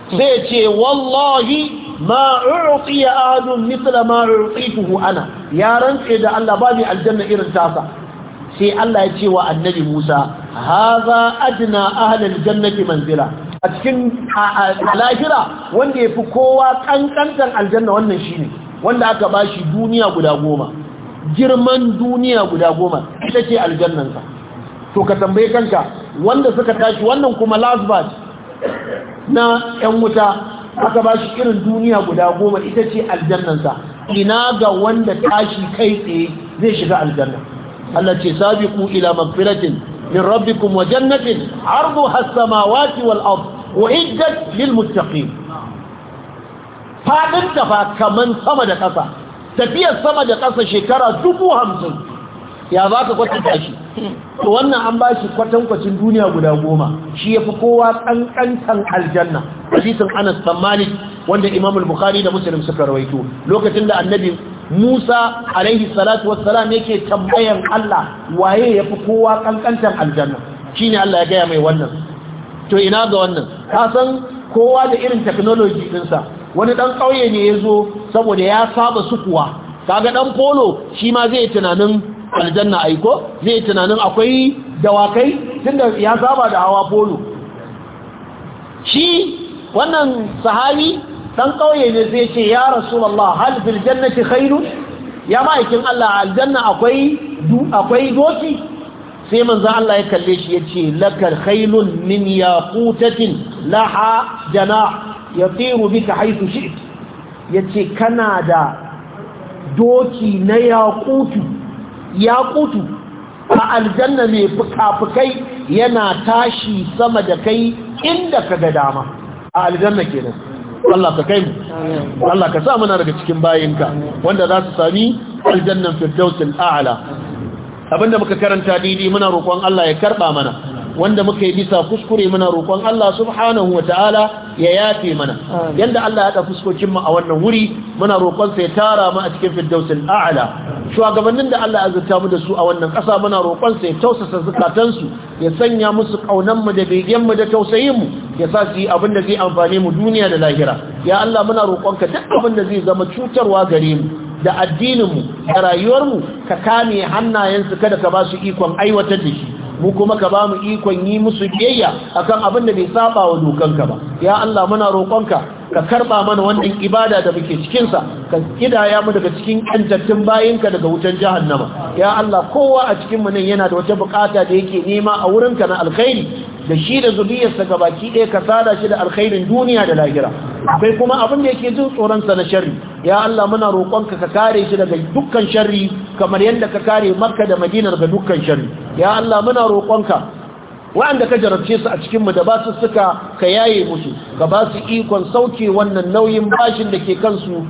A: sai ce wallahi ma u'ti ahadun mithla ma u'tituhu ana ya rantse da Allah babu aljanna irin tasa sai Allah ya ce wa annabi Musa hadha adna ahlal jannati manzira. a cikin lahira wanda ya fi kowa ƙanƙantar aljanna wannan shi ne wanda aka ba shi duniya guda goma girman duniya guda goma ita ce aljannansa to ka tambaye kanka wanda suka tashi wannan kuma last na 'yan wuta aka ba shi irin duniya guda goma ita ce aljannansa ina ga wanda tashi kai tsaye zai shiga aljanna Allah ce ku ila magfiratin min rabbikum wa jannatin 'arduha as-samawati wal ard uhiddat lil muttaqin fadin ta fa kaman sama da ƙasa tafiyar sama da ƙasa shekara 50 ya baka kwata tashi to wannan an bashi kwatan kwacin duniya guda goma shi yafi kowa kankantan aljanna hadisin Anas bin Malik wanda Imam al-Bukhari da Muslim suka rawaito lokacin da annabi Musa alaihi salatu wassalam yake tambayan Allah waye yafi kowa kankantan aljanna shine Allah ya gaya mai wannan to ina ga wannan ka san kowa da irin technology dinsa wani dan kauye ne yazo saboda ya saba sukuwa kaga dan polo shi ma zai tunanin aljanna aiko zai tunanin akwai dawakai tunda ya saba da hawa polo shi wannan sahabi dan kauye ne zai ce ya rasulullah hal fil jannati khairun ya ma'aikin Allah aljanna akwai akwai doki sai manzon Allah ya kalle shi yace lakal khailun min yaqutatin laha janah yatiru bika haythu shi'it yace kana da doki na yaqutu yaqutu a aljanna mai fukafukai yana tashi sama da kai inda ka ga dama a aljanna kenan Allah ka kai mu Allah ka sa muna daga cikin bayinka wanda za su sami aljannan firdausil a'la abinda muka karanta didi muna roƙon Allah ya karba mana wanda muka yi bisa kuskure muna roƙon Allah subhanahu wa ta'ala ya yafe mana yanda Allah ya da fuskokin mu a wannan wuri muna roƙon sai ya tara mu a cikin firdausul a'la shugabannin da Allah azurta mu da su a wannan ƙasa muna roƙon sai ya tausasa zukatansu ya sanya musu kaunan mu da begen mu da tausayin mu ya sa su yi abin da zai amfani mu duniya da lahira ya Allah muna roƙon ka duk abin da zai zama cutarwa gare mu da addinin mu da rayuwar mu ka kame hannayensu kada ka ba su ikon aiwatar da shi mu kuma ka ba mu ikon yi musu biyayya akan abin da bai saba wa dokanka ba ya Allah muna roƙonka ka karba mana wannan ibada da muke cikinsa ka kidaya mu daga cikin kanjattun bayinka daga wutan jahannama ya Allah kowa a cikin mu nan yana da wata bukata da yake nema a wurin ka na alkhairi da shi da zuriyarsa gabaki ɗaya ka sada shi da alkhairin duniya da lahira akwai kuma abin da yake jin tsoronsa na sharri ya Allah muna roƙonka ka kare shi daga dukkan sharri kamar yadda ka kare Makka da Madina daga dukkan sharri ya Allah muna roƙonka wa'anda ka jarabce su a cikinmu da ba su suka ka yaye musu ka ba su ikon sauke wannan nauyin bashin da ke kansu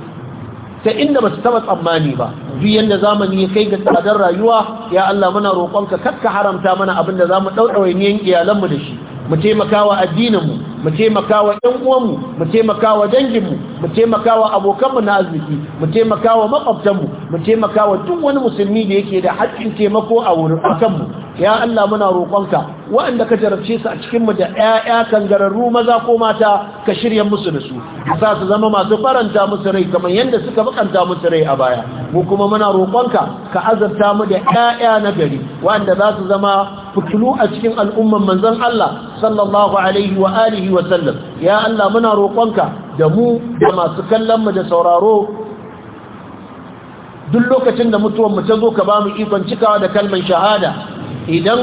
A: ta inda ba su taba tsammani ba duk yadda zamani ya kai ga tsadar rayuwa ya Allah muna roƙonka ka haramta mana abin da za mu ɗauɗaure niyan iyalanmu da shi mu taimakawa addininmu mu taimakawa ƴan uwanmu mu taimakawa danginmu mu taimakawa abokanmu na arziki mu taimakawa makwabtanmu mu taimakawa duk wani musulmi da yake da haƙƙin taimako a wurin akanmu ya Allah muna roƙonka waɗanda ka jarabce su a cikin mu da ƴaƴa kangararru maza ko mata ka shirya musu da su sa su zama masu faranta musu rai kamar yadda suka bakanta musu rai a baya mu kuma muna roƙonka ka azurta mu da ƴaƴa na gari waɗanda za su zama fitulu a cikin al'umman manzon Allah sallallahu alaihi wa alihi wa sallam ya Allah muna roƙonka da mu da masu kallon mu da sauraro duk lokacin da mutuwan mu ta zo ka ba mu ikon cikawa da kalmar shahada idan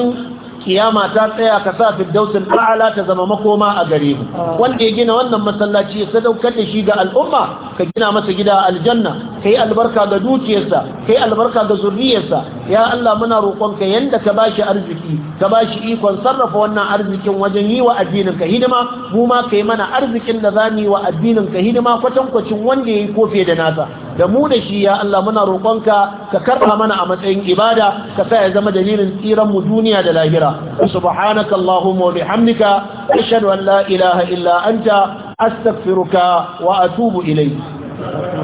A: kiyama ta tsaya ka sa firdausin ta'ala ta zama makoma a gare mu wanda ya gina wannan masallaci ya sadaukar da shi ga al'umma ka gina masa gida aljanna kai albarka ga dukiyarsa kai albarka ga zurriyarsa ya Allah muna roƙonka yanda ka bashi arziki ka bashi ikon sarrafa wannan arzikin wajen yi wa addinin ka hidima mu ma kai mana arzikin da zamu yi wa addinin ka hidima kwatankwacin wanda yayi kofe da nasa da mu da shi ya Allah muna roƙonka ka karba mana a matsayin ibada ka sa ya zama dalilin tsiran mu duniya da lahira subhanaka allahumma wa bihamdika ashhadu an la ilaha illa anta astaghfiruka wa atubu ilayk